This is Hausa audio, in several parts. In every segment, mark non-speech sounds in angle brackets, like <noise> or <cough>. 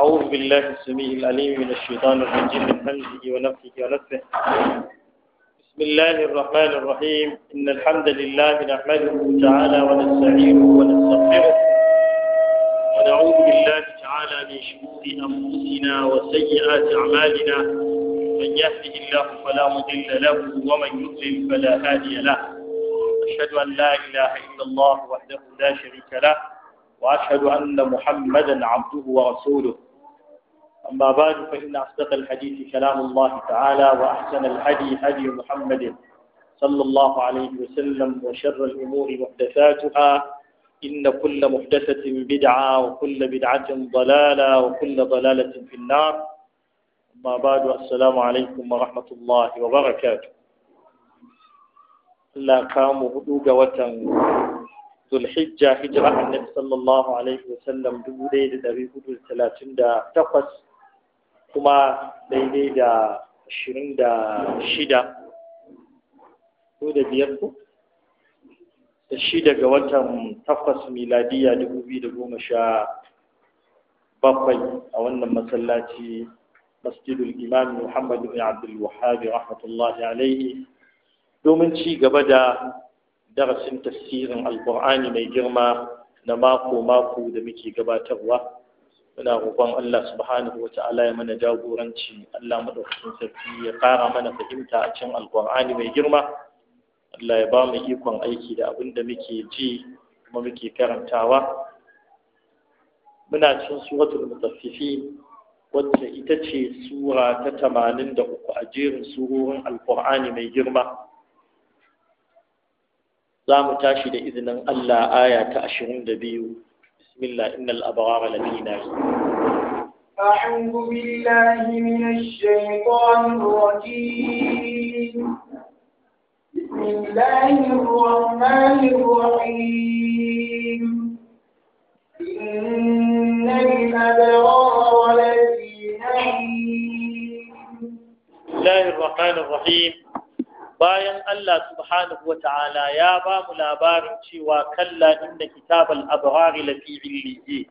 أعوذ بالله السميع العليم من الشيطان الرجيم من همزه ونفسه ونفسه بسم الله الرحمن الرحيم إن الحمد لله نحمده تعالى ونستعينه ونستغفره ونعوذ بالله تعالى من شرور أنفسنا وسيئات أعمالنا من يهده الله فلا مضل له ومن يضلل فلا هادي له أشهد أن لا إله إلا الله وحده لا شريك له وأشهد أن محمدا عبده ورسوله أما بعد فإن أصدق الحديث كلام الله تعالى وأحسن الهدي هدي محمد صلى الله عليه وسلم وشر الأمور محدثاتها إن كل محدثة بدعة وكل بدعة ضلالة وكل ضلالة في النار أما بعد السلام عليكم ورحمة الله وبركاته لا كام هدوك وتن ذو الحجة هجرة النبي صلى الله عليه وسلم دوليد أبي هدو الثلاثين دا تقص kuma daidai da ashirin da shida ko da biyar ko da shida ga watan takwas miladiya dubu biyu da goma sha bakwai a wannan masallaci masjidul imam muhammad ibn abdul wahhab rahmatullahi alaihi domin ci gaba da darasin tafsirin alqur'ani mai girma na mako mako da muke gabatarwa muna roƙon Allah subhanahu wa ta'ala ya mana jagoranci Allah madaukakin sarki ya ƙara mana fahimta a cikin alƙur'ani mai girma Allah ya ba mu ikon aiki da abin da muke ji kuma muke karantawa muna cikin suratul mutaffifin wacce ita ce sura ta tamanin da uku a jerin surorin alkur'ani mai girma za mu tashi da izinin allah aya ta ashirin da biyu بسم الله إن الأبرار لفي نعيم أعوذ بالله من الشيطان الرجيم بسم الله الرحمن الرحيم إن الأبرار لفي نعيم بسم الله الرحمن الرحيم bayan Allah subhanahu wata'ala ya ba mu labarin cewa kalla inda kitabal abrari lafi illiye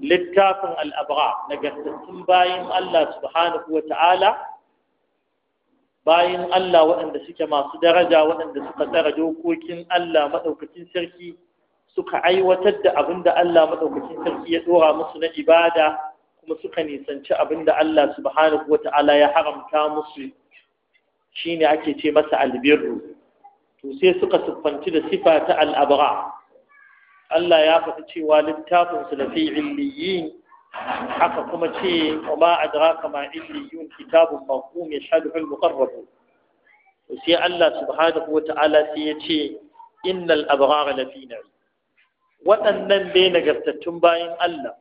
littafin al'abra nagartattun bayan Allah subhanahu wata'ala bayan Allah waɗanda suke masu daraja waɗanda suka tsara dokokin Allah maɗaukacin sarki suka aiwatar da abin da Allah maɗaukacin sarki ya ɗora musu na ibada kuma suka nisanci abin da Allah subhanahu wata'ala ya haramta musu shine ake ce masa albirru to sai suka siffanci da sifa ta al'abra Allah ya faɗi cewa littafin su lafi illiyin haka kuma ce ma adraka ma illiyun kitabun maqum yashhaduhu al-muqarrabun to sai Allah subhanahu wa ta'ala sai ya ce innal abrara lafi waɗannan dai nagartattun bayan Allah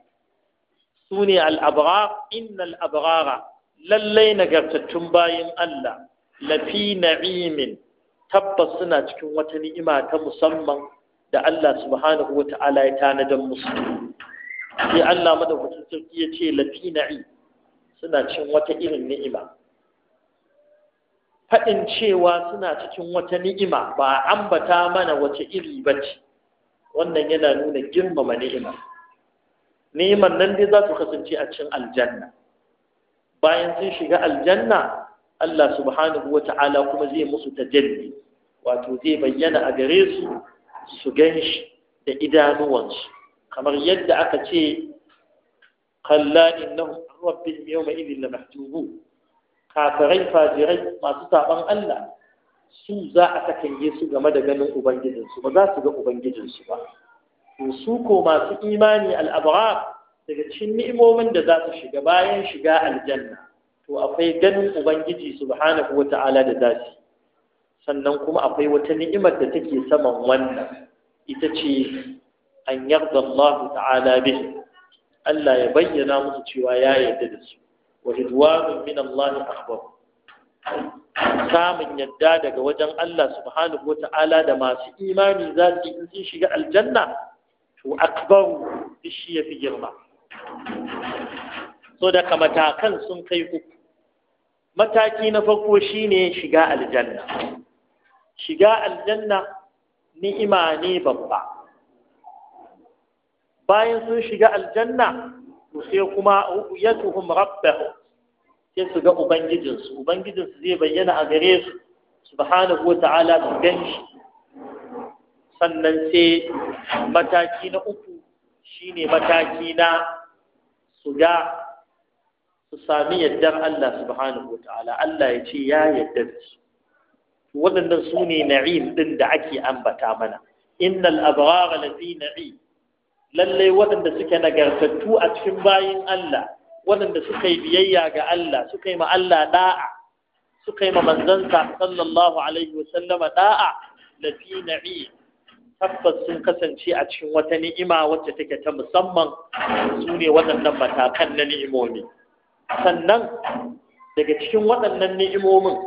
su ne al'abrar innal abrara lallai nagartattun bayan Allah lafi na'imin tabbas suna cikin wata ni'ima ta musamman da Allah subhanahu wa ta'ala ya tanadan musu sai Allah madaukakin sarki ya ce lafi na'i suna cikin wata irin ni'ima faɗin cewa suna cikin wata ni'ima ba a ambata mana wace iri ba ce wannan yana nuna girmama ni'ima ni'imar nan dai za su kasance a cikin aljanna bayan sun shiga aljanna Allah subhanahu wa ta'ala kuma zai musu tajalli wato zai bayyana a gare su su ganshi da idanuwansu kamar yadda aka ce kalla innahum rabbihim yawma idhin la mahjubu kafirai fajirai masu saban Allah su za a takange su game da ganin ubangijinsu ba za su ga ubangijinsu ba su ko masu imani al'abrar daga cikin ni'imomin da za su shiga bayan shiga aljanna to akwai ganin ubangiji subhanahu wata'ala da zasu sannan kuma akwai wata ni'imar da take saman wannan ita ce an yarda Allah ta'ala bihi Allah ya bayyana musu cewa ya yarda da su wa ridwanun min Allah akbar samun yadda daga wajen Allah subhanahu wata'ala da masu imani za su in sun shiga aljanna to akbar shi ya fi girma so daga matakan sun kai uku mataki na farko shine shiga aljanna shiga aljanna ni'ima ne babba bayan sun shiga aljanna to sai kuma ru'yatuhum rabbahum sai su ga ubangijinsu ubangijinsu zai bayyana a gare su subhanahu wata'ala su ganshi sannan sai mataki na uku shine mataki na su ga su sami yardar Allah subhanahu wa ta'ala Allah ya ce ya yadda da su waɗannan su ne na'im ɗin da ake ambata mana innal abrara lafi na'im lallai waɗanda suke nagartattu a cikin bayin Allah waɗanda suka yi biyayya ga Allah suka yi ma Allah da'a suka yi ma manzansa sallallahu alaihi wa sallama da'a lafi na'im tabbas sun kasance a cikin wata ni'ima wacce take ta musamman su ne waɗannan matakan na ni'imomi sannan daga cikin waɗannan ni'imomin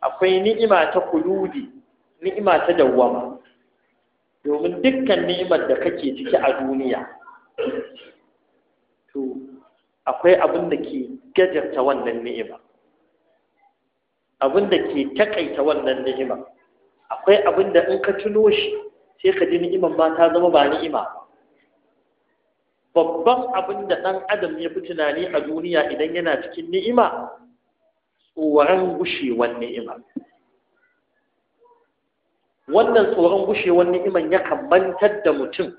akwai ni'ima ta kuludi ni'ima ta dawwama domin dukkan ni'imar da kake ciki a duniya to akwai abin da ke gajarta wannan ni'ima abin da ke takaita wannan ni'ima akwai abin da in ka tuno shi sai ka ji ni'imar ma ta zama ba ni'ima babban abin da ɗan adam ya fi tunani a duniya idan yana cikin ni'ima tsoron gushewar ni'ima wannan tsoron gushewar ni'iman ya kammantar da mutum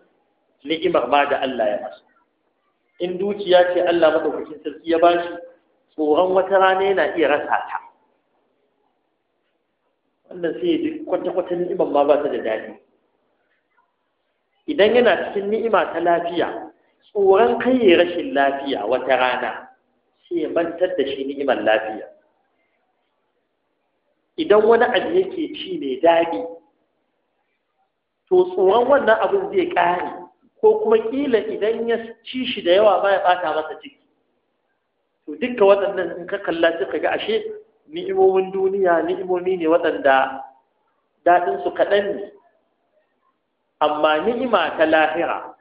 ni'imar ma da Allah ya masu. in dukiya ce Allah madaukakin sarki ya bashi tsoron wata rana yana iya rasa ta wannan sai ya ji kwata-kwata ni'imar ma ba ta da daɗi idan yana cikin ni'ima ta lafiya tsoron kai rashin lafiya wata rana sai ya mantar da shi ni'imar lafiya idan wani abu yake ci mai daɗi to tsoron wannan abin zai ƙare ko kuma ƙila idan ya ci shi da yawa ba ya ɓata masa ciki to dukkan waɗannan in ka kalla suka ga ashe ni'imomin duniya ni'imomi ne waɗanda daɗinsu kaɗan ne amma ni'ima ta lahira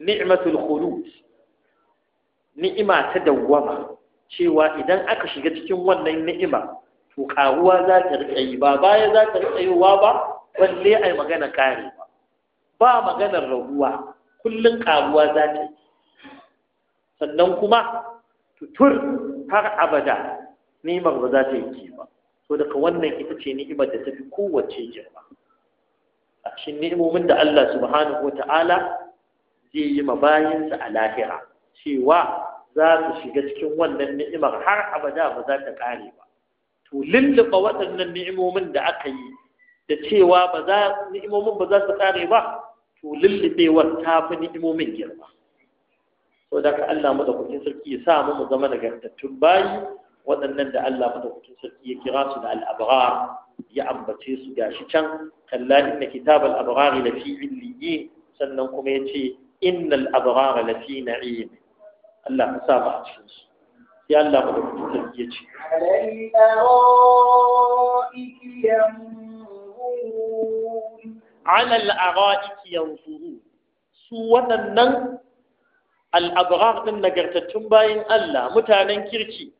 ni'matul khulud ni'ima ta dawwama cewa idan aka shiga cikin wannan ni'ima to karuwa za ta rika yi ba baya za ta yi wa ba balle ai magana kare ba ba maganar rabuwa kullun karuwa za ta yi sannan kuma tutur har abada ni'imar ba za ta yi ba to daga wannan ita ce ni'imar da tafi kowace girma a cikin ni'imomin da Allah subhanahu wata'ala zai yi ma bayansa a lahira cewa za su shiga cikin wannan ni'imar har abada ba za ta kare ba to lulluɓa waɗannan ni'imomin da aka yi da cewa ba za ni'imomin ba za su kare ba to lulluɓewar ta fi ni'imomin girma so da ka Allah madaukakin sarki ya sa mu zama nagartattun bayi waɗannan da Allah madaukakin sarki ya kira su da al'abrar ya ambace su gashi can kalla na kitabal abrar lafi illiyin sannan kuma yace innal abrara lafi na'im Allah ka sa mu a cikin su ya Allah mu da kuka ya ce ala al-ara'iki yanzuru su waɗannan al-abrar din nagartattun bayin Allah mutanen kirki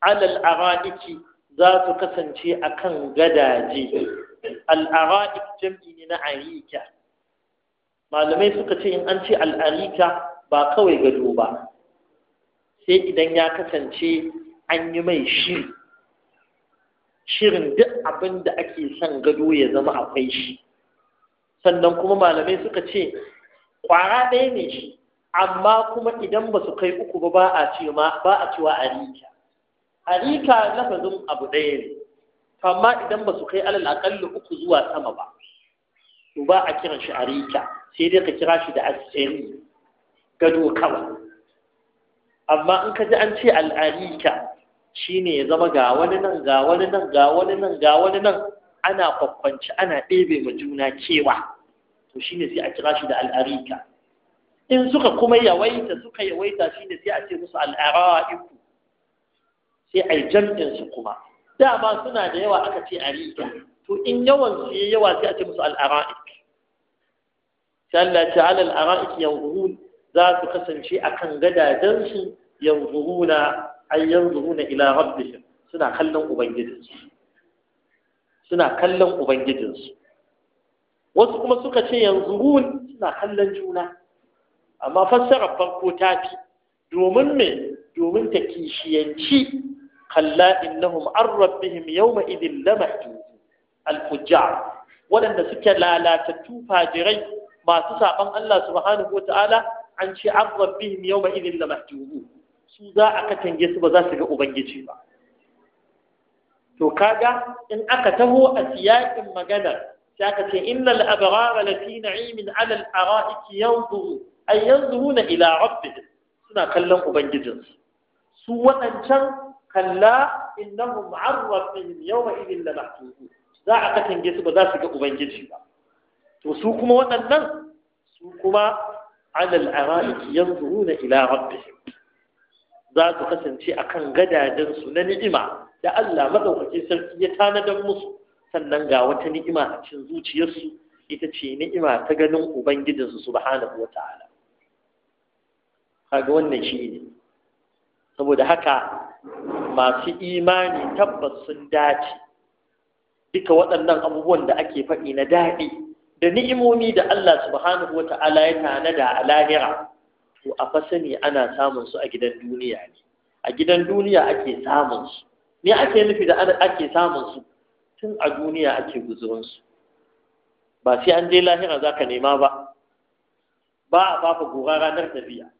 ala al-ara'iki za su kasance akan gadaje al-ara'ik jam'i ne na arika malamai suka ce in an ce al'alika ba kawai gado ba sai idan ya kasance an yi mai shiri shirin duk abin da ake son gado ya zama akwai shi sannan kuma malamai suka ce kwara ɗaya ne shi amma kuma idan ba su kai uku ba ba a cewa arika arika lafazin abu ɗaya ne amma idan ba su kai alal aƙalli uku zuwa sama ba to ba a kiran shi arika sai dai ka kira shi da asiri gado kawa. amma in ka ji an ce al'arika shine ya zama ga wani nan ga wani nan ga wani nan ga wani nan ana kwakwanci ana ɗebe ma juna kewa to shine sai a kira shi da al'arika in suka kuma yawaita suka yawaita shine sai a ce musu al'ara'iku sai a yi jam'in su kuma dama suna da yawa aka ce arika to in yawan su yawa sai a ce musu al'ara'ik Allah ta alal ara'ik yanzurun za su kasance akan gadajen su yanzuruna ay yanzuruna ila rabbihim suna kallon ubangijinsu suna kallon ubangijinsu wasu kuma suka ce yanzurun suna kallon juna amma fassarar farko ta fi domin me domin ta kishiyanci kalla innahum an rabbihim yawma idin lamahdu al-fujjar waɗanda suke lalatattu fajirai masu saban Allah subhanahu wata'ala an ce an rabbihim yawma idhin la mahjubu su za a katange su ba za su ga ubangiji ba to kaga in aka taho a siyakin magana sai aka ce innal abrara lafi na'imin ala al-ara'iki yanzuru ay yanzuruna ila rabbihim suna kallon ubangijinsu su waɗancan kalla innahum an rabbihim yawma idhin la mahjubu za a katange su ba za su ga ubangiji ba to su kuma waɗannan su kuma alal ara'iki yanzuruna ila rabbihim za su kasance akan gadajen su na ni'ima da Allah madaukakin sarki ya tanadar musu sannan ga wata ni'ima a cikin zuciyarsu ita ce ni'ima ta ganin su subhanahu wata'ala kaga wannan shi ne saboda haka masu imani tabbas sun dace duka waɗannan abubuwan da ake faɗi na daɗi da ni'imomi da Allah subhanahu wata'ala ya tanada a lahira to a fasani ana samun su a gidan duniya ne a gidan duniya ake samun su ne ake nufi da ake samun su tun a duniya ake guzurin su ba sai an je lahira zaka nema ba ba a fafa gora ranar tafiya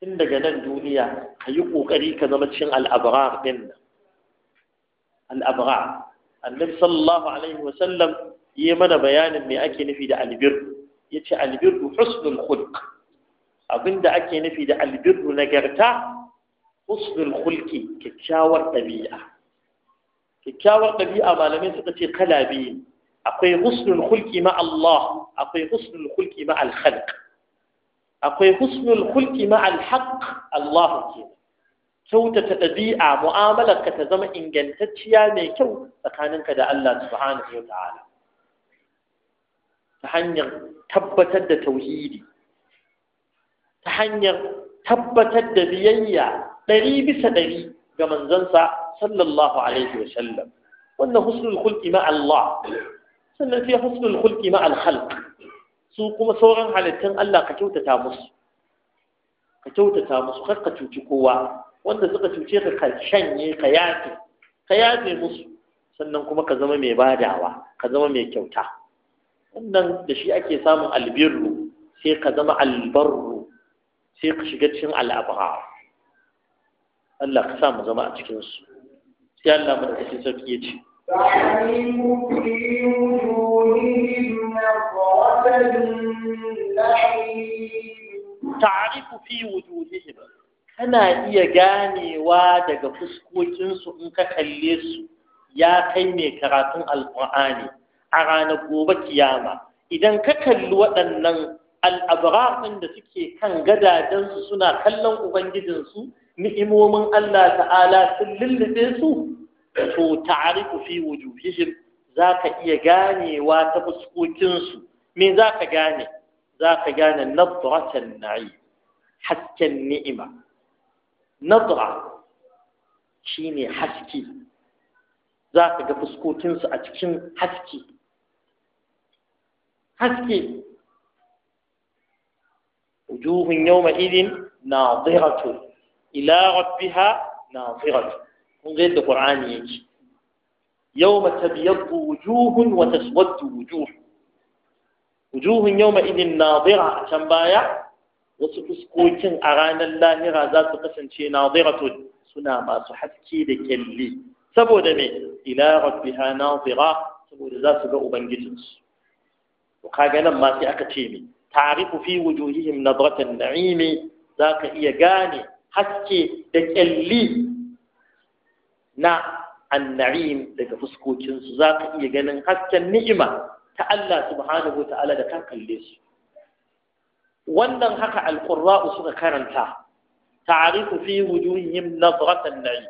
tun daga nan duniya ka yi ƙoƙari ka zama cikin al'abarar ɗin nan al'abarar annabi sallallahu alaihi wasallam yi mana bayanin me ake nufi da albir yace albirru husnul khulq abinda ake nufi da albirru nagarta husnul khulqi kyakkyawar ɗabi'a kyakkyawar ɗabi'a malamai suka ce kala biyu akwai husnul khulqi ma Allah akwai husnul khulqi ma al khalq akwai husnul khulqi ma al haqq Allah ke kyautata ɗabi'a mu'amalarka ta zama ingantacciya mai kyau tsakaninka da Allah subhanahu wa ta'ala ta hanyar tabbatar da tauhidi ta hanyar tabbatar da biyayya ɗari bisa ɗari ga manzansa sallallahu alaihi wa sallam wannan husnul khulqi ma Allah sannan sai husnul khulqi ma al khalq su kuma sauran halittun Allah ka kyautata musu ka kyautata musu kar ka cuci kowa wanda suka cuce ka ka shanye ka yafe ka yafe musu sannan kuma ka zama mai badawa ka zama mai kyauta wannan da shi ake samun albirru sai ka zama albarru sai ka shiga cikin al'abrar Allah ka sa mu zama a cikin su sai Allah mu da cikin sarki ya ce ta'rifu fi wujuhihim kana iya ganewa daga fuskokinsu in ka kalle su ya kai mai karatun alqur'ani a ranar gobe kiyama idan ka kalli waɗannan al'abrar da suke kan gadajensu suna kallon ubangijinsu ni'imomin Allah ta'ala sun lullube su to ta'arifu fi wujuhihim za ka iya ganewa ta fuskokinsu me za ka gane za ka gane nadratan na'i hasken ni'ima nadra shine haske za ka ga fuskokinsu a cikin haske haske wujuhun yawma idin nadhiratu ila rabbiha nadhiratu kun zai yadda qur'ani yake yawma tabyaddu wujuhun wa taswaddu wujuh wujuhun yawma idin a can baya wasu fuskokin a ranar lahira za su kasance na nadhiratu suna masu haske da kyalli saboda me ila rabbiha nadhira saboda za su ga ubangijinsu kaga nan ma sai aka ce mi ta'rifu fi wujuhihim nadratan na'imi zaka iya gane haske da kyalli na annaim daga fuskokinsu za ka iya ganin hasken ni'ima ta Allah subhanahu ta'ala da kan kalle su wannan haka alqurra'u suka karanta ta'rifu fi wujuhihim nadratan na'im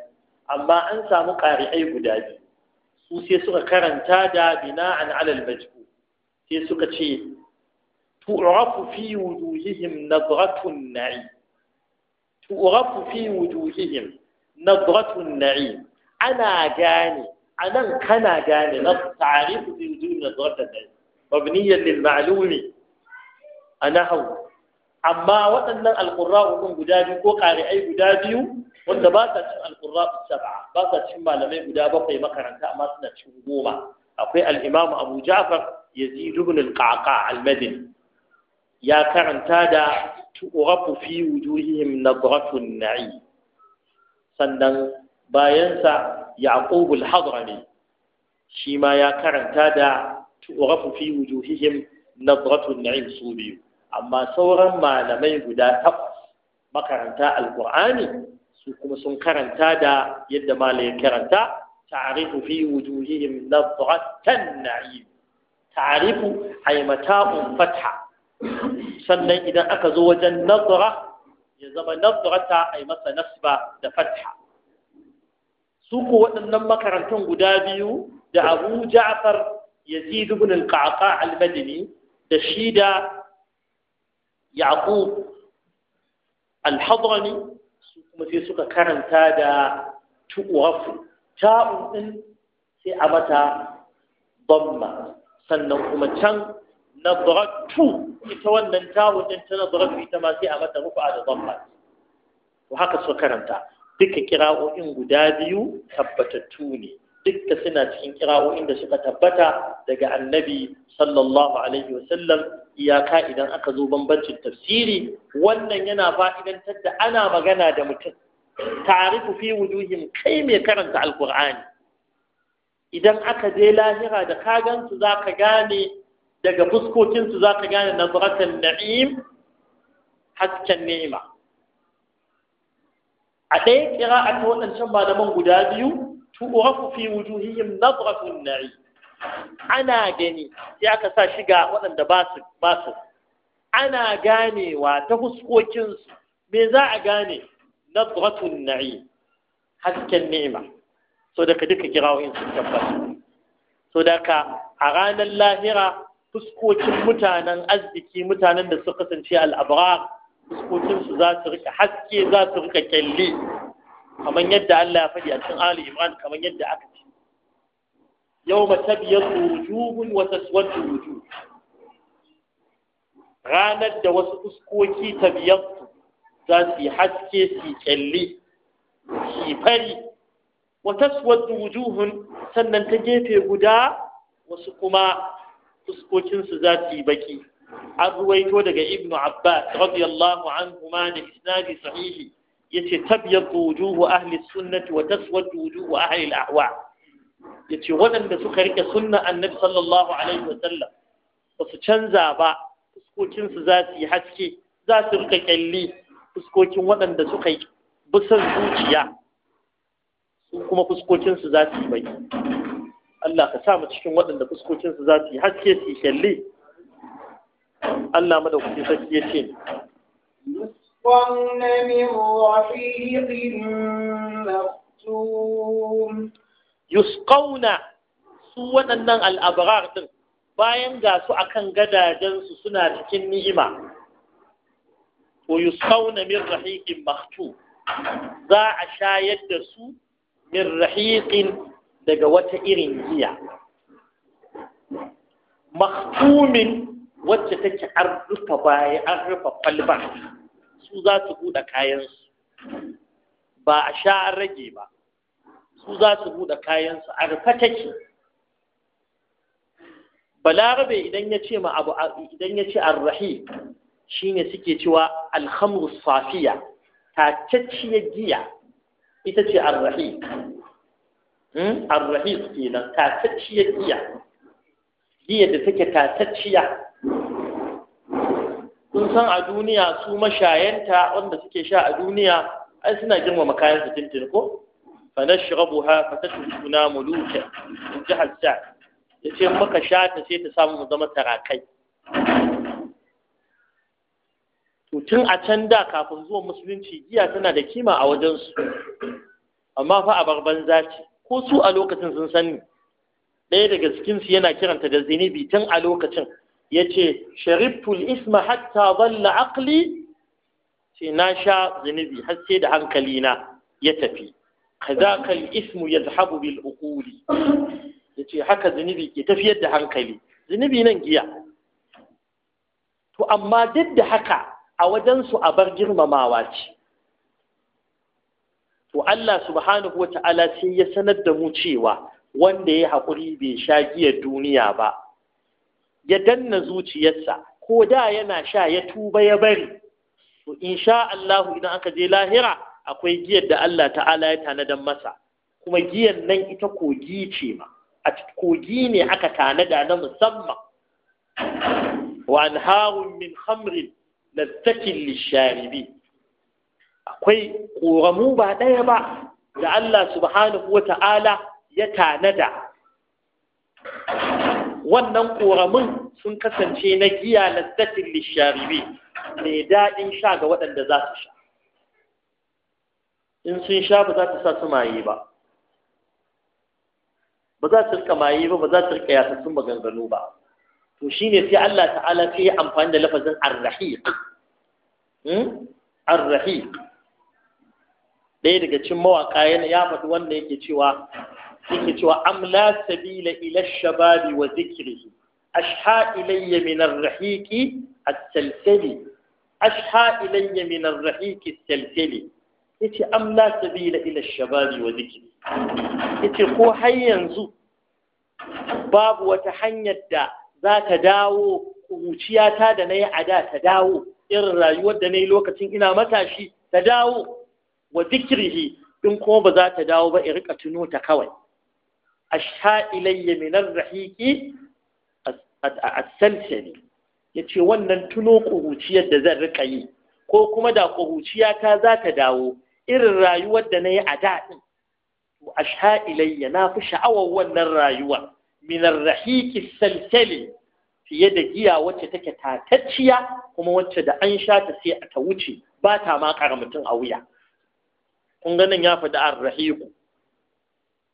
amma an samu ƙari'ai guda biyu su sai suka karanta da bina an al-majhul sai suka ce tu'rafu fi wujuhihim nadratun na'im tu'rafu fi wujuhihim nadratun na'im ana gane anan kana gane na ta'rifu fi wujuhihim nadratun na'im mabniyan lil ma'lumi anahu amma waɗannan alqurra'u din guda biyu ko qari'ai guda biyu wanda ba sa cin alqurra'u sab'a ba sa cin malamai guda bakwai makaranta amma suna cin goma akwai al-imamu Abu Ja'far yazid ibn al-qaqa ya karanta da tu'rafu fi wujuhihim nadratun na'i sannan bayansa yaqub al-hadrami shi ma ya karanta da tu'rafu fi wujuhihim nadratun na'im su biyu amma sauran malamai guda takwas makaranta alqur'ani su kuma sun karanta da yadda malai ya karanta ta'rifu fi wujuhihim nadratan na'im ta'arifu ay mata'un fatha sannan idan aka zo wajen nazara ya zama nazarata ay masa nasba da fatha su waɗannan makarantun guda biyu da Abu Ja'far Yazid ibn al-Qaqa al-Madini da shi da Yaqub al-Hadrami su kuma sai suka karanta da tu'rafu ta'un din sai a mata dhamma sannan kuma can nadratu ita wannan tawun din ta nazara ita ma sai a mata rufa da dhamma to haka suka karanta duka kira'o'in guda biyu tabbatattu ne dukka suna cikin kira'o'in da suka tabbata daga annabi sallallahu alaihi wasallam iyaka idan aka zo bambancin tafsiri wannan yana fa'idantar da ana magana da mutum ta'arifu fi wujuhin kai mai karanta alkur'ani idan aka je lahira da ka za ka gane daga fuskokinsu za ka gane na nazaratan na'im hasken Nema. a ɗaya kira a ta waɗancan malaman guda biyu tu'rafu fi wujuhihim nazratun na'im ana gani sai aka sa shiga waɗanda ba su ana ganewa ta fuskokinsu me za a gane na nazratun na'im hasken ni'ima so da ka duka kirawoyin sun tabbata so da ka a ranar lahira fuskokin mutanen arziki mutanen da suka kasance al'abrar fuskokinsu za su rika haske za su rika kyalli kamar yadda Allah ya faɗi a cikin Ali Imran kamar yadda aka ce yau mace biyar wujuhun wata suwanta wujuh ranar da wasu fuskoki ta biyar za su yi haske su yi kyalli su yi fari wa taswaddu wujuhun sannan ta gefe guda wasu kuma fuskokinsu za su yi baki an ruwaito daga ibnu abbas radiyallahu anhuma da isnadi sahihi yace tabyadu wujuhu ahli sunnati wa taswaddu wujuhu ahli al-ahwa yace waɗanda suka rike sunna annabi sallallahu alaihi wa sallam ba su canza ba fuskokinsu za su yi haske za su rika kyalli fuskokin waɗanda suka yi bisan zuciya kuma fuskokinsu za su yi bai Allah ka sa mu cikin waɗanda fuskokinsu za su yi haske su yi shalli Allah madaukaki sarki ya ce يسقون من رحيق مختوم يسقون su waɗannan al'abarar ɗin bayan ga su a kan gadajensu suna cikin ni'ima, ko yi min rahiƙin maktu za a shayar da su min rahiqin daga wata irin giya maktumin wacce take an rufa baya an rufe kwalba su za su buɗe kayansu ba a sha an rage ba su za su buɗe kayansu a rufa take balarabe idan ya ce ma abu idan ya ce arrahi shine suke cewa alhamru safiya tacacciyar giya ita ce arrahiq hmm? arrahiq kenan tatacciyar giya giya da take tatacciya kun san a duniya su mashayanta wanda suke sha a duniya ai suna girmama makayan su tintin ko fa nashrabuha fa tashbuna muluka in ji hajja yace muka sha ta sai ta samu mu zama tarakai to tun a can da kafin zuwan musulunci giya tana da kima a wajensu amma fa a barban zaci ko su a lokacin sun sani ɗaya daga cikinsu yana kiranta da zinibi tun a lokacin ya ce shariftul isma hatta zalla aqli ce na sha zinibi har sai da hankali na ya tafi kazaka ismu zahabu bil uquli ce haka zinibi ke tafiyar da hankali zinibi nan giya to amma duk da haka a wajensu a bar girmamawa ce to Allah subhanahu wa sai ya sanar da mu cewa wanda ya haƙuri bai sha giyar duniya ba ya danna zuciyarsa ko da yana sha ya tuba ya bari to insha Allah idan aka je lahira akwai giyar da Allah ta'ala ya tanadan masa kuma giyan nan ita kogi ce ma a kogi ne aka tanada na musamman wa anharun min khamrin lazzatin lisharibi akwai ƙoramu ba ɗaya ba da Allah subhanahu wa ta'ala ya tanada wannan ƙoramin sun kasance na giya lazzatin lisharibi mai daɗin sha ga waɗanda za su sha in sun sha ba za ta sa su maye ba ba za su rika maye ba ba za su rika yasassun maganganu ba to ne sai Allah ta'ala ta ya amfani da lafazin ar-rahiq hmm? ar ɗaya daga cin mawaƙa yana ya faɗi wanda yake cewa yake cewa amla sabila ila shababi wa zikrihi ashha ilayya min ar-rahiqi as-salsali ashha ilayya min ar-rahiqi as-salsali yace amla sabila ila shababi wa zikri yace ko har yanzu babu wata hanyar da za ta dawo kuciyata da na yi a da ta dawo irin rayuwar da na yi lokacin ina matashi ta dawo wa zikirhi in kuma ba za ta dawo ba in rika tuno ta kawai sha ilayya minar rahiki ne Ya ce wannan tuno kuruciyar da zan rika yi ko kuma da ƙuruciyata za ta dawo irin rayuwar da na yi a daɗin a sha ilayya na fi sha'awar wannan rayuwar min ar salsali fiye da giya wacce take tatacciya kuma wacce da an sha ta sai ta wuce ba ta ma ƙara mutum a wuya kun ganin ya faɗi ar-rahiqu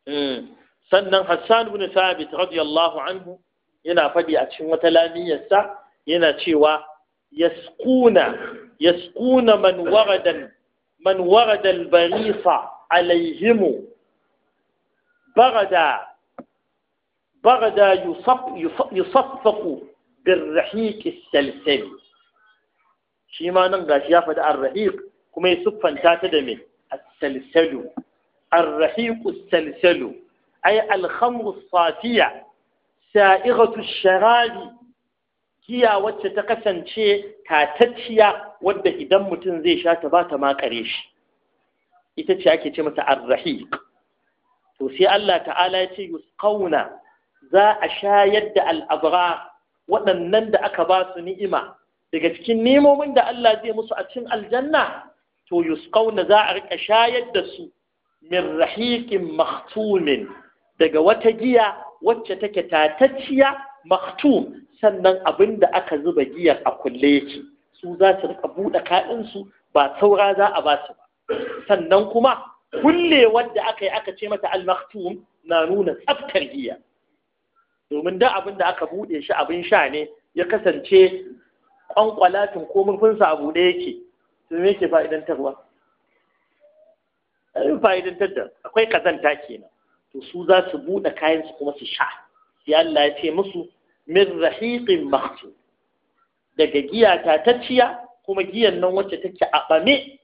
hmm. sannan Hassan ibn Sabit radiyallahu anhu yana faɗi a cikin wata lamiyarsa yana cewa yaskuna yaskuna man warada man warada barisa barada بغدا يصف يصف يصفق بالرحيق السلسل shi ma nan gashi ya faɗi arrahiq kuma ya siffanta ta da me as-salsalu arrahiq as-salsalu ay al-khamru as-safiya sa'ighatu ash giya wacce ta kasance tatacciya wadda idan mutum zai sha ta ba ta makare shi ita ce ake ce mata arrahi. to sai Allah ta'ala ya ce yusqauna za a shayar da al'abra waɗannan da aka ba su ni'ima daga cikin nemomin da Allah zai musu a cikin aljanna to yusqauna za a rika shayar da su min rahiqin maktumin daga wata giya wacce take tatacciya maktum sannan abin da aka zuba giyar a kulle yake su za su rika buɗe kaɗinsu ba saura za a ba su ba sannan kuma kulle wanda aka yi aka ce mata al na nuna tsaftar giya domin da abin da aka buɗe shi abin sha ne ya kasance kwankwalatin ko murfinsa a buɗe yake to ne yake fa'idantarwa ai fa'idantar da akwai kazanta kenan to su za su buɗe kayan su kuma su sha sai Allah ya ce musu min rahiqin makhtum daga giya ta, tacciya kuma giyan nan wacce take a ɓame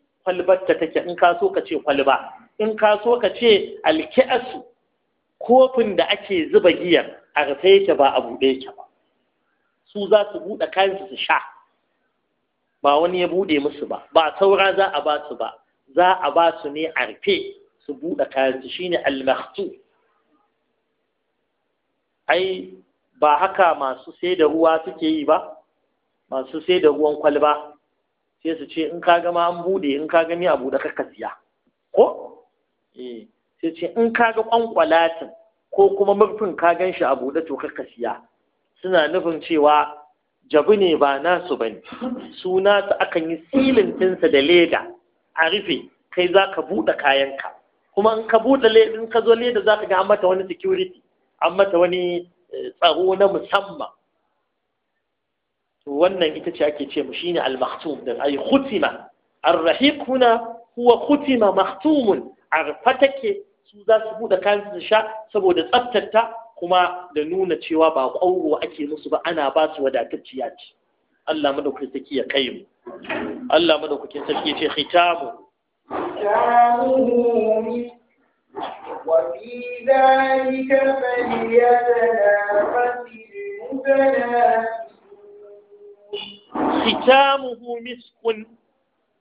ta take in ka so ka ce kwalba in ka so ka ce alki'asu kofin da ake zuba giyar a rufe yake ba a buɗe yake ba su za su buɗe kayansu su sha ba wani ya buɗe musu ba ba saura za a ba su ba za a ba su ne a rufe su buɗe kayansu shine almahtu ai ba haka masu sai da ruwa suke yi ba masu sai da ruwan kwalba sai su ce in ka gama an buɗe in ka gani a buɗe kakasiya, ko eh sai ce in ka ga kwankwalatin ko kuma murfin ka gan shi a buɗe to ka siya suna nufin cewa jabu ne ba nasu bane su nasu akan yi silin ɗinsa da leda a rufe kai za ka buɗe kayanka kuma in ka buɗe in ka zo leda za ka ga an mata wani security an mata wani eh, tsaro na musamman wannan ita ce ake ce mu shine al-maktum din ay khutima ar-rahiq huna huwa khutima maktumun arfa take su za su buɗe kayan su sha saboda tsaftata kuma da nuna cewa ba ƙauro ake musu ba ana ba su wadatacciya ce Allah madaukakin sarki ya kai mu Allah madaukakin sarki ya ce khitamu وفي ذلك فليتنافس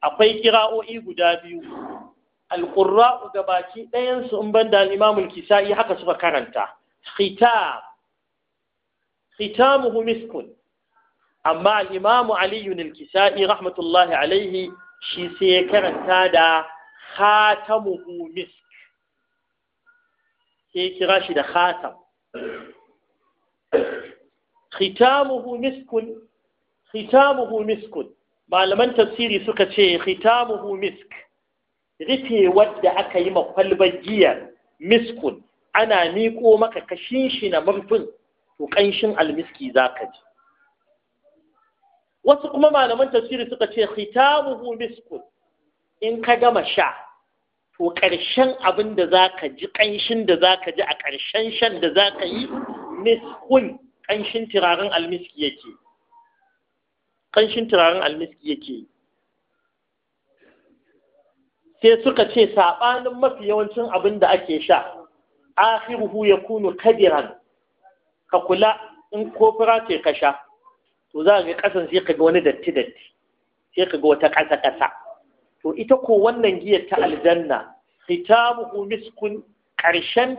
akwai kira'o'i guda biyu alƙurra'u ga baki ɗayansu in ban banda al'imamul kisa'i haka suka karanta khitam khitamuhu miskun amma al'imamu aliyun al-kisa'i rahmatullahi alaihi shi sai ya karanta da khatamuhu misk sai kira shi da khatam khitamuhu miskun khitamuhu miskun malaman tafsiri suka ce khitamuhu misk rufe wadda aka yi makwalbar giyar miskun ana miko maka kashin shi na murfin to kanshin almiski za ka ji wasu kuma malaman tasiri suka ce khitamuhu miskun in ka gama sha to ƙarshen abin da za ka ji kanshin da za ka ji a ƙarshen shan da za ka yi miskun kanshin turaren almiski yake kanshin turaren almiski yake sai suka ce saɓanin mafi yawancin abin da ake sha ya yakunu kadiran ka kula in kofura ce ka sha to za ga ƙasan sai ka ga wani datti datti sai ka ga wata ƙasa ƙasa to ita ko wannan giyar ta aljanna khitamuhu miskun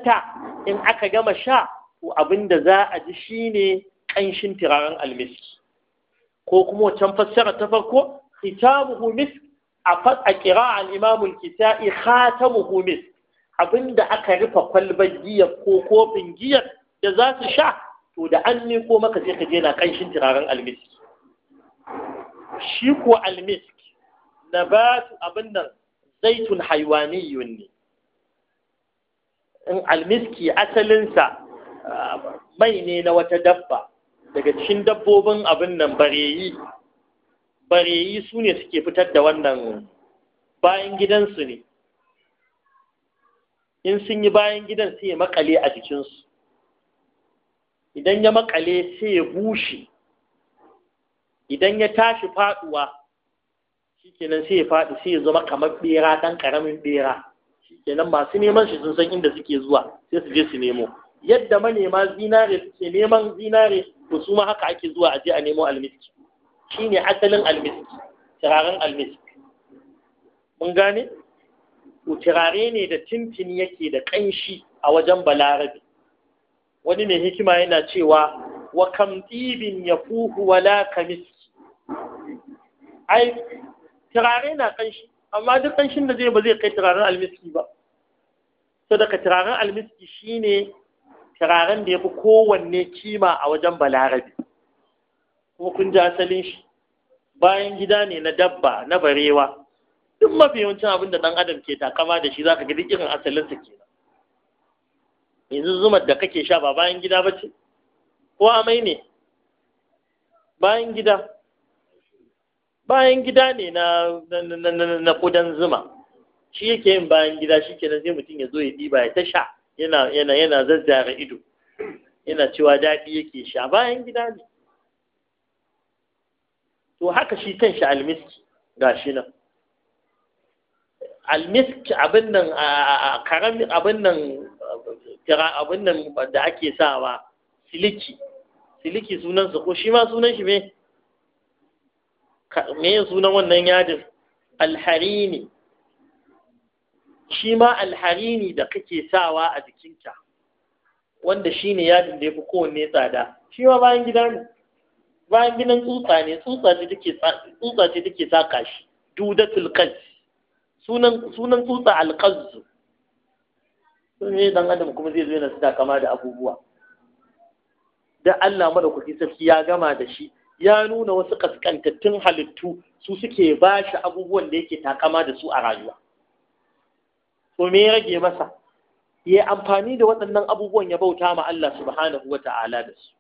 ta in aka gama sha to abinda za a ji shine ƙanshin turaren almiski ko kuma wancan fassara ta farko khitamuhu misk a kira al'imamun kisa'i khatamu humis abinda aka rufe kwalbar giyar ko kofin giyar da za su sha to da an miko maka sai ka je na kanshin turaren almisk shi ko almisk na ba su abin nan zaitun haiwaniyun ne in almiski asalinsa ah, mai ne na wata dabba daga cikin dabbobin abin nan bareyi bareyi su ne suke fitar da wannan bayan gidansu ne in sun yi bayan gidan sai ya makale a jikinsu idan ya makale sai ya bushe idan ya tashi faduwa shikenan sai ya faɗi sai ya zama kamar bera ɗan ƙaramin bera shikenan masu neman shi sun san inda suke zuwa sai su je su nemo yadda manema zinare suke neman zinare to su ma haka ake zuwa a je a nemo almiski shine asalin almisk turaren almisk mun gane turare ne da tintini yake da ƙanshi a wajen balarabi wani mai hikima yana cewa wa kam ɗibin ya fuhu wala kamisk ai turare na ƙanshi amma duk ƙanshin da zai ba zai kai turaren almiski ba so daga turaren almiski shine turaren da ya fi kowanne kima a wajen balarabi ko kun ji asalin shi bayan gida ne na dabba na barewa duk mafi yawancin abin da ɗan adam ke takama da shi za ka gidi irin asalinsa kenan yanzu zumar da kake sha ba bayan gida ba ce ko amai ne bayan gida bayan gida ne na na kudan zuma shi yake yin bayan gida shi kenan sai mutum ya zo ya diba ya ta sha yana yana yana zazzara ido yana cewa daɗi yake sha bayan gida ne to haka shi kan shi almiski ga shi nan almiski abin nan a karamin abin nan kira abin nan da ake sawa siliki siliki sunan su ko shi ma sunan shi me me sunan wannan yadin alharini shi ma alharini da kake sawa a jikinka wanda shi ne yadin da ya fi kowanne tsada shi ma bayan gida ne bayan ginin tsutsa ne tsutsa ce take saka shi dudatul qaz sunan tsutsa alkazu Sun ne dan adam kuma zai zo yana suna kama da abubuwa da Allah madaukaki sarki ya gama da shi ya nuna wasu kaskantattun halittu su suke ba shi abubuwan da yake takama da su a rayuwa to ya rage masa ya amfani da waɗannan abubuwan ya bauta ma Allah subhanahu wa ta'ala da su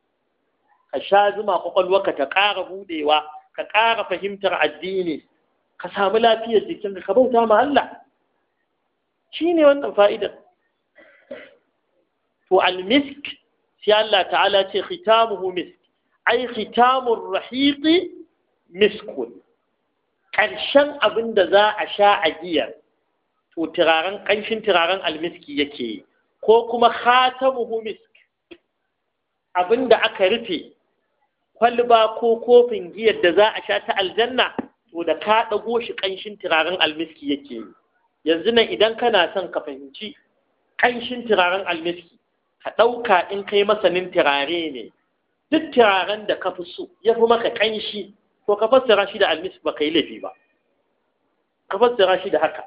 ka sha zuma kwakwalwarka ta ƙara buɗewa ka ƙara fahimtar addini ka samu lafiyar jikinka ka bauta ma Allah shi ne wannan fa'idan. to almisk sai Allah ta'ala ce khitamuhu misk ai khitamur rahiqi miskun ƙarshen abin da za a sha a giyar to turaren ƙanshin turaren almiski yake ko kuma khatamuhu misk abin da aka rufe kwalba ko kofin giyar da za a sha ta aljanna to da ka ɗago shi ƙanshin turaren almiski yake yi yanzu nan idan kana son ka fahimci ƙanshin turaren almiski ka ɗauka in kai masanin turare ne duk turaren da ka fi so ya fi maka ƙanshi to ka fassara shi da almiski ba ka yi laifi ba ka fassara shi da haka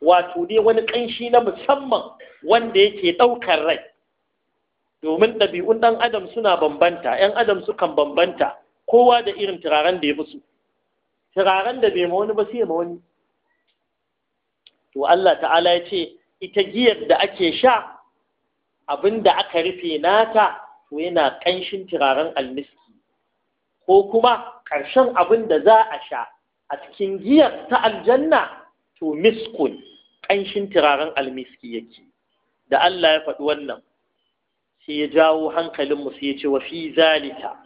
wato dai wani ƙanshi na musamman wanda yake ɗaukar rai domin ɗabi'un ɗan adam suna bambanta ‘yan adam sukan bambanta kowa da irin turaren da ya fi su turaren da bai ma wani ba sai ma wani to Allah ta'ala ya ce ita giyar da ake sha abin da aka rufe nata to yana ƙanshin turaren almiski ko kuma ƙarshen abin da za a sha a cikin giyar ta aljanna to miskun ƙanshin turaren almiski yake da Allah ya faɗi wannan sai ya jawo hankalinmu sai ya ce wa fi zalika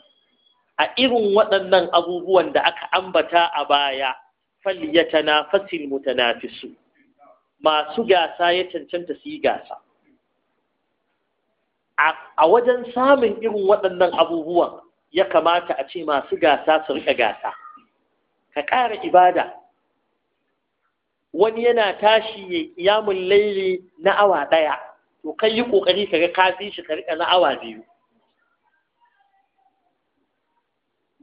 a irin waɗannan abubuwan da aka ambata a baya falyatanafasil mutanafisu masu gasa ya cancanta su yi gasa a wajen samun irin waɗannan abubuwan ya kamata a ce masu gasa su rika gasa ka ƙara ibada wani yana tashi ya yi laili na awa ɗaya to kai yi kokari ka ga ka shi ka rika na awa biyu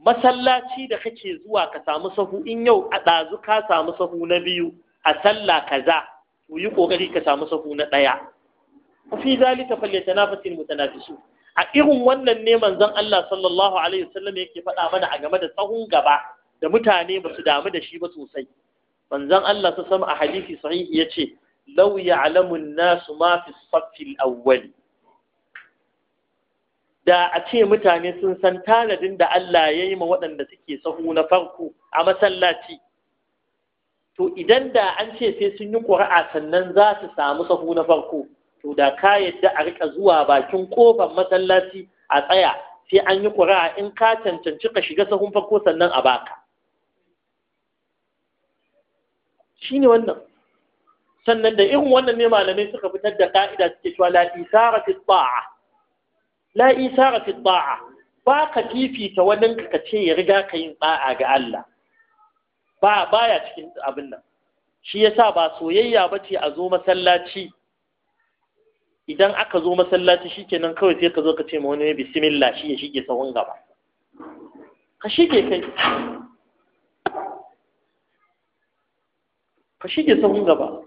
masallaci da kake zuwa ka samu sahu in yau a ɗazu ka samu sahu na biyu a sallah kaza to yi kokari ka samu sahu na ɗaya fi zalika falyatanafasil mutanafisu a irin wannan ne manzon Allah sallallahu alaihi wasallam yake faɗa mana a game da tsahon gaba da mutane ba su damu da shi ba sosai manzon Allah sallallahu a hadisi sahihi yace law ya'lamu nasu ma fi as awwal da a ce mutane sun san tanadin da Allah ya yi ma waɗanda suke sahu na farko a masallaci to idan da an ce sai sun yi ƙuri'a sannan za su samu sahu na farko to da ka yadda a rika zuwa bakin ƙofar masallaci a tsaya sai an yi ƙuri'a in ka cancanci ka shiga sahun farko sannan a baka shine wannan sannan da irin wannan ne malamai suka fitar da ka'ida suke cewa la isara fi ta'a la isara fi ta'a ba ka fifita wannan ka ce ya riga ka yin ta'a ga Allah ba baya cikin abin nan shi yasa ba soyayya ba ce a zo masallaci idan aka zo masallaci shikenan kawai sai ka zo ka ce ma wani bismillah shi ya shige sahun gaba ka shige kai ka shige sahun gaba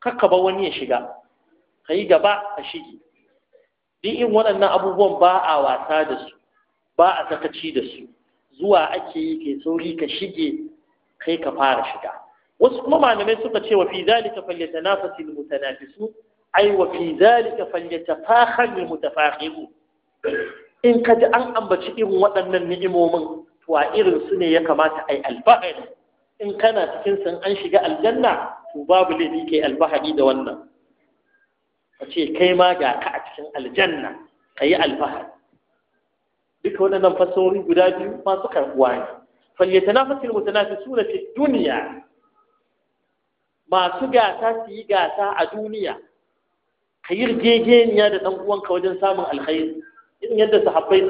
kakka ba wani ya shiga ka yi gaba a shige duk in waɗannan abubuwan ba a wasa da su ba a sakaci da su zuwa ake yi kai sauri ka shige kai ka fara shiga wasu kuma malamai suka ce wa fi zalika falyatanafasil mutanafisu ai wa fi zalika falyatafakhal mutafakhiru in ka ji an ambaci irin waɗannan ni'imomin to a irin su ne ya kamata ai alfahari in kana cikin san an shiga aljanna to babu laifi kai alfahari da wannan a ce kai ma ga ka a cikin aljanna ka yi alfahari duka waɗannan fassarori guda biyu masu karɓuwa ne falyatanafasil mutanafisuna fi duniya masu gasa su yi gasa a duniya ka yi rigegeniya da ɗan uwanka wajen samun alkhairi in yadda sahabbai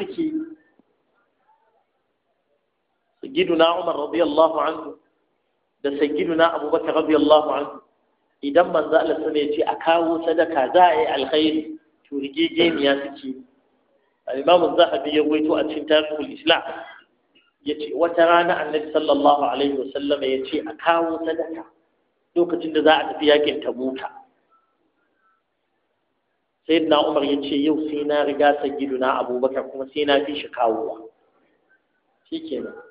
suke giduna umar radiyallahu anhu da sayyiduna abubakar radiyallahu anhu idan manzo Allah sun ya ce a kawo sadaka za a yi alkhairi to rigegeniya suke al-imamu zahabi ya waito a cikin tarihul islam ya ce wata rana annabi sallallahu alaihi wasallam ya ce a kawo sadaka lokacin da za a tafi yakin tabuka sayyidina umar ya ce yau sai na riga sayyiduna abubakar kuma sai na fi shi kawowa shikenan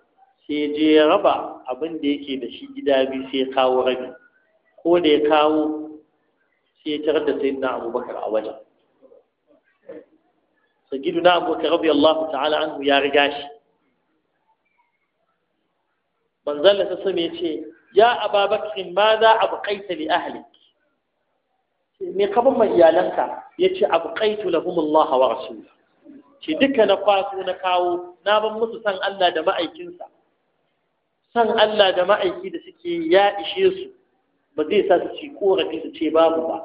sai je ya raba abin da yake da shi gida biyu sai ya kawo rabi ko da ya kawo sai ya tarar da sayyidina abubakar a wajen na abubakar radiyallahu ta'ala anhu ya riga shi manzon da sassa mai ce ya ababakar ma za a buƙaita li ahli me kaban mai iyalanka ya ce abuƙaitu lahumullaha wa rasuluhu ce duka na kwaso na kawo na ban musu san Allah da ma'aikinsa san Allah da ma'aiki da suke ya ishe su ba zai sa su ci korafi su ce babu ba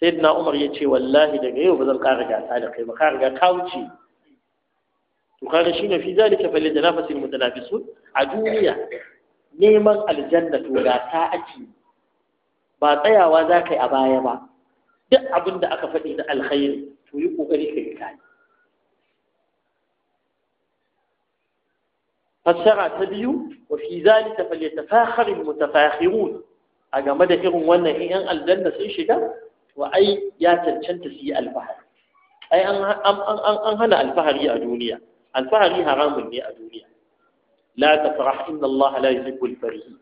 sai na umar ya ce wallahi daga yau ba zan ƙara gasa da kai ba ka riga kawuce. To kare shi ne fi da zalika fal janafati al mutanafisun a duniya neman aljanna to gasa ake ba tsayawa za ka yi a baya ba duk abin da aka faɗi na alkhairi to yi kokari ka yi fassara ta biyu wa fi zalika falyatafakhar almutafakhirun a game da irin wannan in yan aljanna sun shiga wa ai ya cancanta su alfahari ai an hana alfahari a duniya alfahari haramun ne a duniya la tafrah inna Allah la yuhibbu alfarihi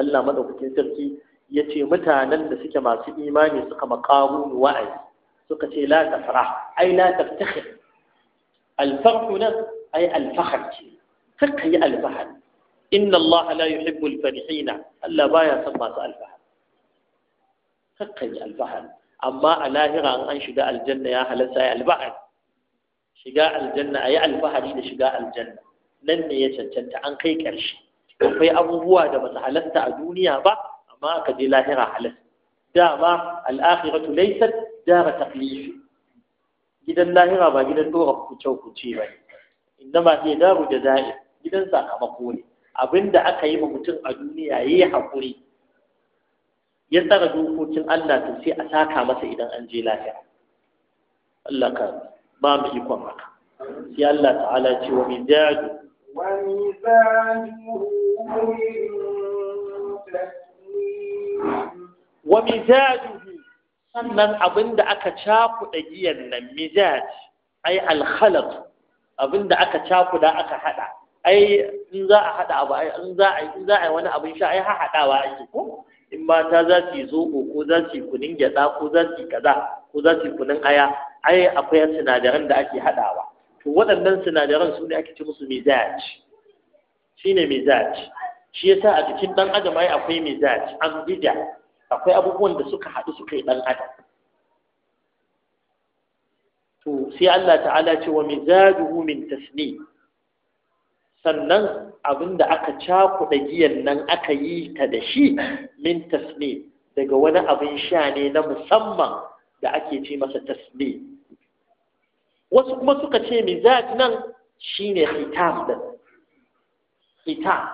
Allah madaukakin sarki yace mutanen da suke masu imani suka maqamu wa'azi suka ce la tafrah ai la ai alfahar ce kakka yi alfahar inna Allah la yuhibbu alfarihina Allah baya son masu alfahar kakka yi alfahar amma a lahira an shiga aljanna ya halatta ya alfahar shiga aljanna ayi alfahari da shiga aljanna nan ne ya cancanta an kai karshe akwai abubuwa da ba su halatta a duniya ba amma ka je lahira halatta dama al'akhiratu laysat dara taqlif gidan lahira ba gidan dora kuce kuce ba ne innama hiya daru jaza'ir gidan sakamako ne abinda aka yi ma mutum a duniya yayi haƙuri. ya tsara dokokin Allah to sai a saka masa idan an je lafiya Allah ka ba mu ikon haka sai Allah ta'ala ce wa mizaju wa wa mizajuhu sannan abinda aka cakuɗa giyan nan mizaj ai alkhalat abinda aka cakuda aka hada ai in za a hada abu ai in za a in za a yi wani abin sha ai ha hadawa ake ko in mata za su yi zoko ko za su yi kunin gyada ko za su yi kaza ko za su yi kunin aya ai akwai sinadaran da ake hadawa to waɗannan sinadaran su ne ake ce musu mizaj ne mizaj shi yasa a jikin dan adam ai akwai mizaj an bida akwai abubuwan da suka haɗu suka yi dan adam to sai Allah ta'ala ce wa mizajuhu min tasni sannan abinda aka da giyan nan aka yi ta da shi min tasni daga wani abin sha ne na musamman da ake ce masa tasni wasu kuma suka ce mizaj nan shine hitam din hitam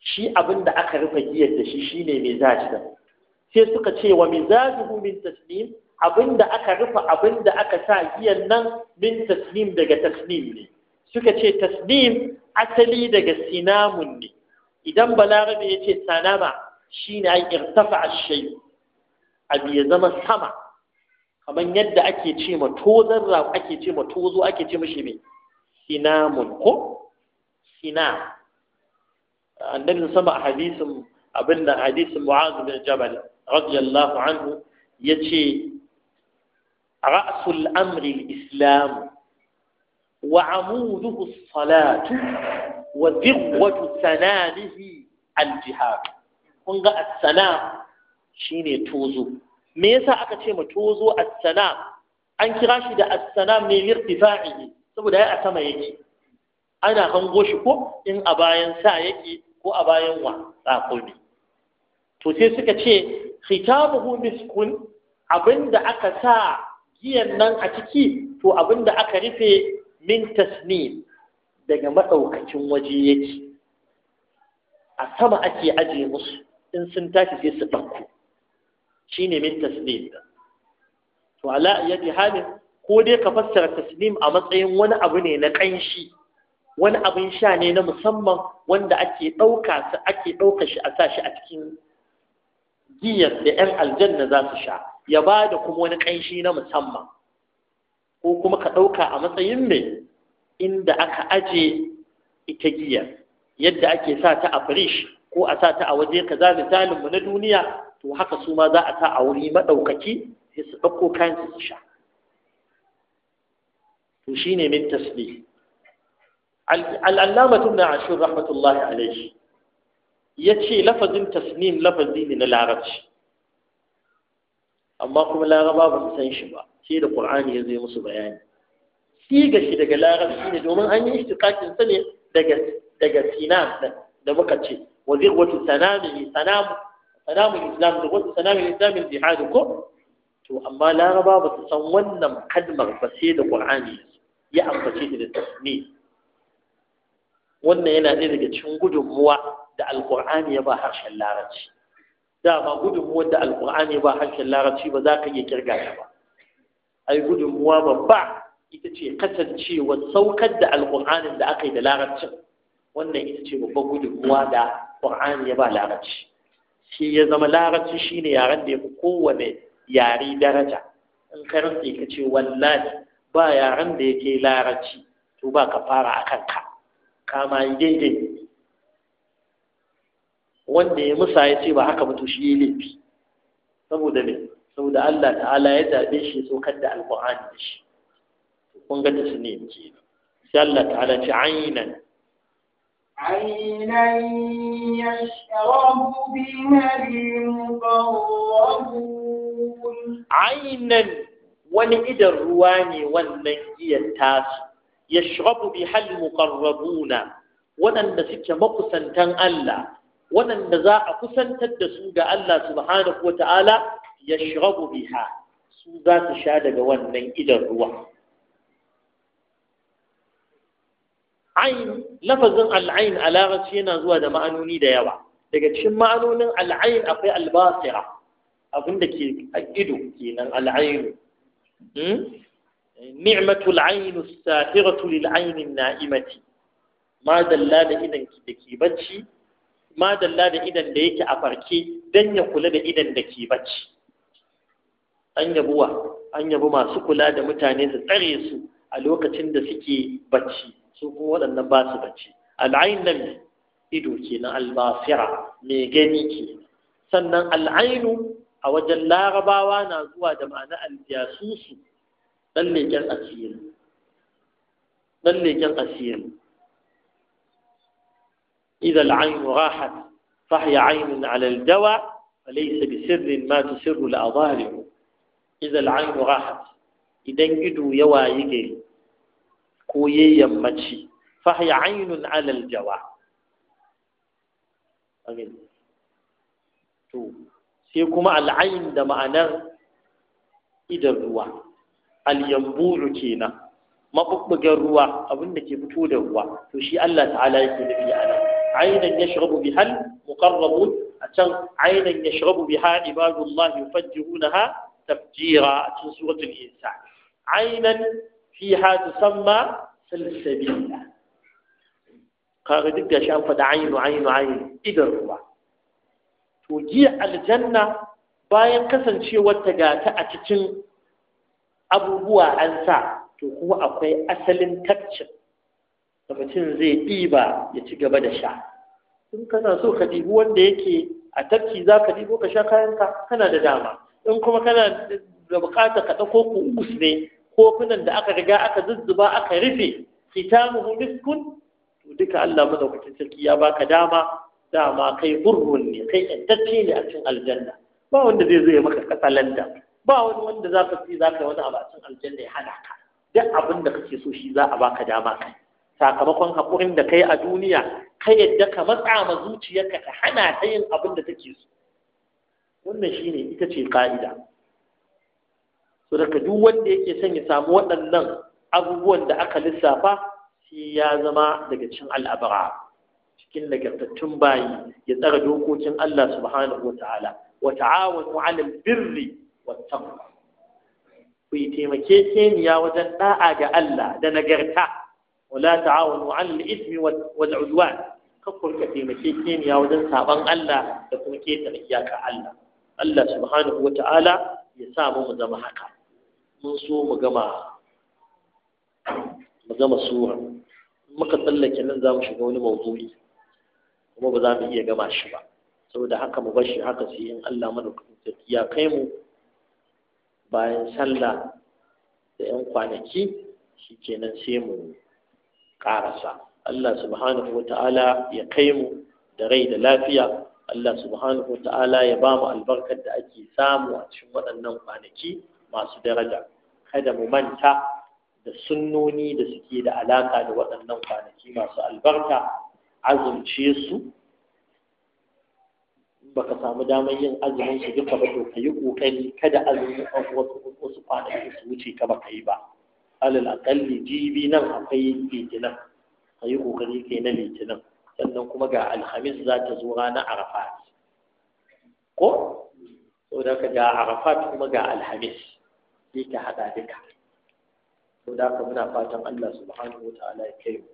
shi abinda aka rufe giyar da shi shine mizaj din sai suka ce wa mizajuhu min tasnim abinda aka rufe da aka sa giyan nan min tasnim daga tasnim ne suka ce taslim asali daga sinamun ne idan balarabe ya ce sanama shine ai irtafa ash abi ya zama sama kamar yadda ake ce ma tozan rago ake ce ma tozo ake ce mishi me sinamun ko sina annabi sama a hadisin abinda hadisin mu'az bin jabal radiyallahu anhu yace ra'sul amri al-islam wa amuduhu as-salatu wa kun ga shine tozo me yasa aka ce ma tozo Asana! an kira shi da asana me ne saboda ya a sama yake ana hango shi ko in a bayan sa yake ko a bayan wa tsakoni to sai suka ce khitabuhu miskun abinda aka sa giyan nan a ciki to abin da aka rufe min tasnim daga maɗaukacin waje yake a sama ake ajiye musu in sun tashi sai su ɗauko shi ne min tasnim to ala yadi halin ko dai ka fassara tasnim a matsayin wani abu ne na ƙanshi wani abin sha ne na musamman wanda ake ɗauka ake ɗauka shi a sa shi a cikin giyar da 'yan aljanna za su sha ya ba da kuma wani ƙanshi na musamman ko kuma ka ɗauka a matsayin mai inda aka aje ita giyar yadda ake sa ta a firish ko a sa ta a waje kaza misalinmu na duniya to haka su ma za a sa a wuri maɗaukaki sai su ɗauko kayan su sha to ne min tasbih al'allama na ashir rahmatullahi alaihi ya ce lafazin tasnim lafazi ne na larabci amma kuma laraba ba su san shi ba sai da qur'ani ya zo musu bayani ga shi daga shi ne domin an yi istiqaqin sa ne daga daga sina da muka ce wa zirwatu sanami sanamu sanamu islam da wasu sanamu islam da jihad ko to amma laraba ba su san wannan kalmar ba sai da qur'ani ya ambace da tasmi wannan yana ɗaya daga cikin gudunmuwa da Alƙur'ani ya ba harshen larabci dama gudunmuwar da alƙur'ani ba harshen larabci ba za ka iya kirga ta ba ai gudunmuwa babba ita ce kasancewa saukar da alƙur'anin da aka yi da larabcin wannan ita ce babban gudunmuwa da ƙur'ani ya ba larabci shi ya zama larabci shine yaren da ya fi kowane yare daraja in ka rantse ka ce wallahi ba yaren da yake larabci to ba ka fara a kanka kama yi daidai wanda ya musa ya ce ba haka ba to shi ya laifi saboda me saboda Allah ta'ala ya zabe shi ya saukar da alqur'ani da shi kun ga ta sunan ke sai Allah ta'ala ce aynan عينا يشرب بها المقربون عينا wani idan ruwa ne wannan giyan tasu ya shirabu bi hal muqarrabuna waɗanda suke makusantan Allah waɗanda za a kusantar da su ga Allah subhanahu wa ta'ala ya shirabu biha su za su sha daga wannan idan ruwa lafazin al'ain a larabci yana zuwa da ma'anoni da yawa daga cikin ma'anonin al'ain akwai albasira abinda ke a ido kenan al'ainu hmm? ni'matul ainu sahiratu lil na'imati ma dalla da idan da ke bacci madalla da idan da yake a farke dan ya kula da idan da ke bacci an yabuwa an yabu masu kula da mutane su tsare su a lokacin da suke bacci su kuma waɗannan ba su bacci al'ain nan ido na albasira mai gani ke sannan al'ainu a wajen larabawa na zuwa da ma'ana aljasusu dan leƙen asiri dan leƙen asiri إذا العين راحت فهي عين على الدواء فليس بسر ما تسر الأضالع إذا العين راحت إذا إدو يوا يجري كوي يمتشي فهي عين على الدواء أمين تو سيكما العين ده معنى إذا الروا الينبوع كينا mafukbugin ruwa abinda ke fito da ruwa Toshi Allah ta'ala yake nufi a nan ainan ya shigabu bi hal muqarrabu a can ainan ya shigabu bi ha ibadullah yufajjihunaha tafjira a cikin suratul insa ainan fi ha tusamma salsabila kaga duk da shi an faɗa ainu ainu ainu idan ruwa to jiya aljanna bayan kasancewar ta gata a cikin abubuwa an sa to kuma akwai asalin taccin da mutum zai ɗiba ya ci gaba da sha in kana so ka ɗibi wanda yake a tafki za ka ɗibo ka sha kayanka kana da dama in kuma kana da buƙatar ka ɗauko kukus ne kofunan da aka riga aka zuzzuba aka rufe khitamuhu miskun to duka Allah madaukakin sarki ya baka dama dama kai burhun ne kai yantacce ne a cikin aljanna ba wanda zai zo ya maka katsalanda ba wani wanda za ka yi za ka wani abu a cikin aljanna ya hana ka duk abin da kake so shi za a baka dama kai sakamakon haƙurin da kai a duniya ka yadda ka matsa ma zuciyarka ka hana ta yin abin da take so wannan shine ita ce ka'ida so daga duk wanda yake son ya samu waɗannan abubuwan da aka lissafa shi ya zama daga cikin al'abara cikin nagartattun bayi ya tsara dokokin Allah subhanahu wa ta'ala wa ta'awanu 'alal birri wat taqwa ku yi taimakekeniya wajen da'a ga Allah da nagarta wala ta'awanu 'alal ismi wal 'udwan kakkur ka taimakekeniya wajen saban Allah da kuma keta iyaka Allah Allah subhanahu wata'ala ya sa mu mu zama haka mun so mu gama mu gama sura muka tsallake nan za mu shiga wani mawdu'i kuma ba za mu iya gama shi ba saboda haka mu bar shi haka sai in Allah madaukakin sarki ya kai mu bayan sallah da 'yan kwanaki shi kenan sai mu ƙarasa Allah subhanahu wa ta'ala ya kai mu da rai da lafiya Allah subhanahu wa ta'ala ya ba mu albarkar da ake samu a cikin waɗannan kwanaki masu daraja kada mu manta da sunnoni da suke da alaƙa da waɗannan kwanaki masu albarka azumce su baka samu damar yin azumin su duka ba to kayi kokari kada azumin wasu wasu kwanaki su wuce ka ba kai ba alal aqalli jibi nan akwai litinin kayi kokari kai na litinin sannan kuma ga alhamis za ta zo ranar arafat ko da ka ga arafat kuma ga alhamis sai ka hada duka da ka muna fatan Allah subhanahu wa ta'ala ya kai mu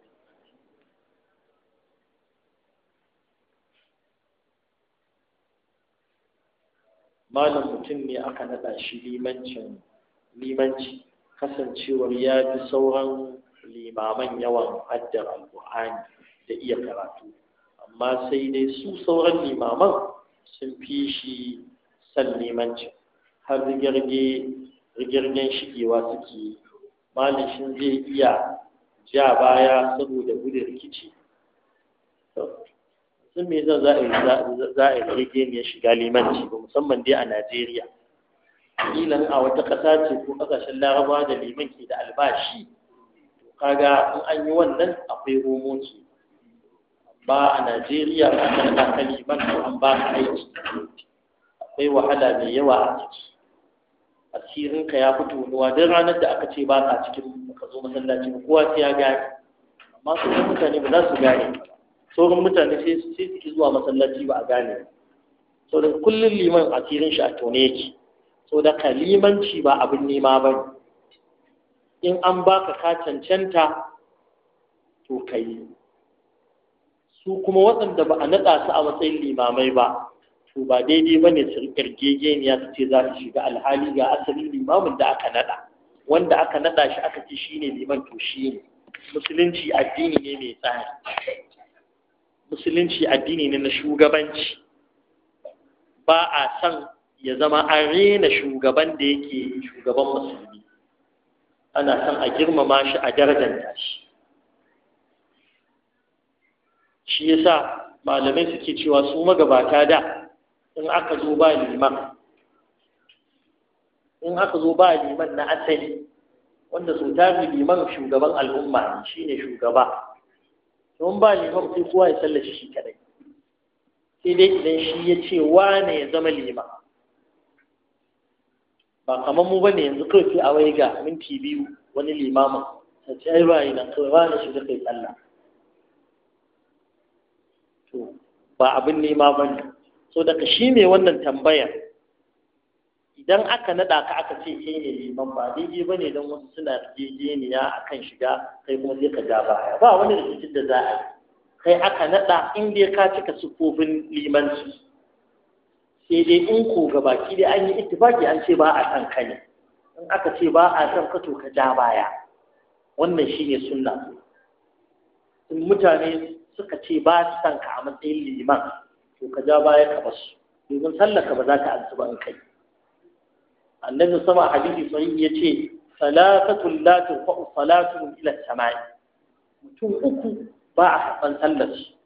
malam mutum ne aka naɗa shi limancin limanci kasancewar ya fi sauran limaman yawan addar alƙur'ani da iya karatu amma sai dai su sauran limaman sun fi shi san limancin har rigirgen shigewa suke malam zai iya ja baya saboda gudun rikici sun me zan za a yarjejeniyar shiga limanci ba musamman dai a najeriya kilan a wata ƙasa ce ko ƙasashen larabawa da liman ke da albashi kaga in an yi wannan akwai homoci ba a najeriya ba a ka liman ko an ba ka aiki akwai wahala mai yawa a ciki asirinka ya fito nuwa duk ranar da aka ce ba ka cikin ka zo masallaci kowa sai ya gane amma su mutane ba za su gane ba sauran mutane sai su suke zuwa masallaci ba a gane sau da kullum liman a filin shi a tone yake sau da ka limanci ba abin nema ba in an baka ka cancanta to ka yi su kuma waɗanda ba a naɗa su a matsayin limamai ba to ba daidai ba ne su ya su ce za su shiga alhali ga asalin limamin da aka naɗa wanda aka naɗa shi aka ce shi ne liman to shi ne musulunci addini ne mai tsari musulunci addini ne na shugabanci ba a san ya zama an rena shugaban da yake shugaban musulmi ana san a girmama shi a darajanta shi shi yasa malamai suke cewa su magabata da in aka zo ba liman in aka zo ba liman na asali wanda sau tafi liman shugaban al'umma ne shine shugaba don ba liman sai kowa ya tsallace shi kadai sai dai idan shi ya ce wane ya zama lima ba kamar mu bane yanzu kawai sai a wai ga minti biyu wani limamin ta ce ai ba nan kawai ba na shiga kai tsalla. ba abin nema ba ne so daga shi ne wannan tambayar idan aka naɗa ka aka ce kai ne liman ba daidai ba ne don wasu suna yarjejeniya a kan shiga kai kuma sai ka ja baya ba wani rikicin da za a yi kai aka naɗa in dai ka cika siffofin limanci sai dai in ko gabaki dai an yi ittifaki an ce ba a san ka ne in aka ce ba a san ka to ka ja baya wannan shine sunna in mutane suka ce ba su san ka a matsayin liman to ka ja baya ka basu domin sallar ka ba za ka ansu ba in kai annabi sama hadisi ya yace salatatun la turfa'u salatuhum ila samai mutum uku ba a haɓan sallar shi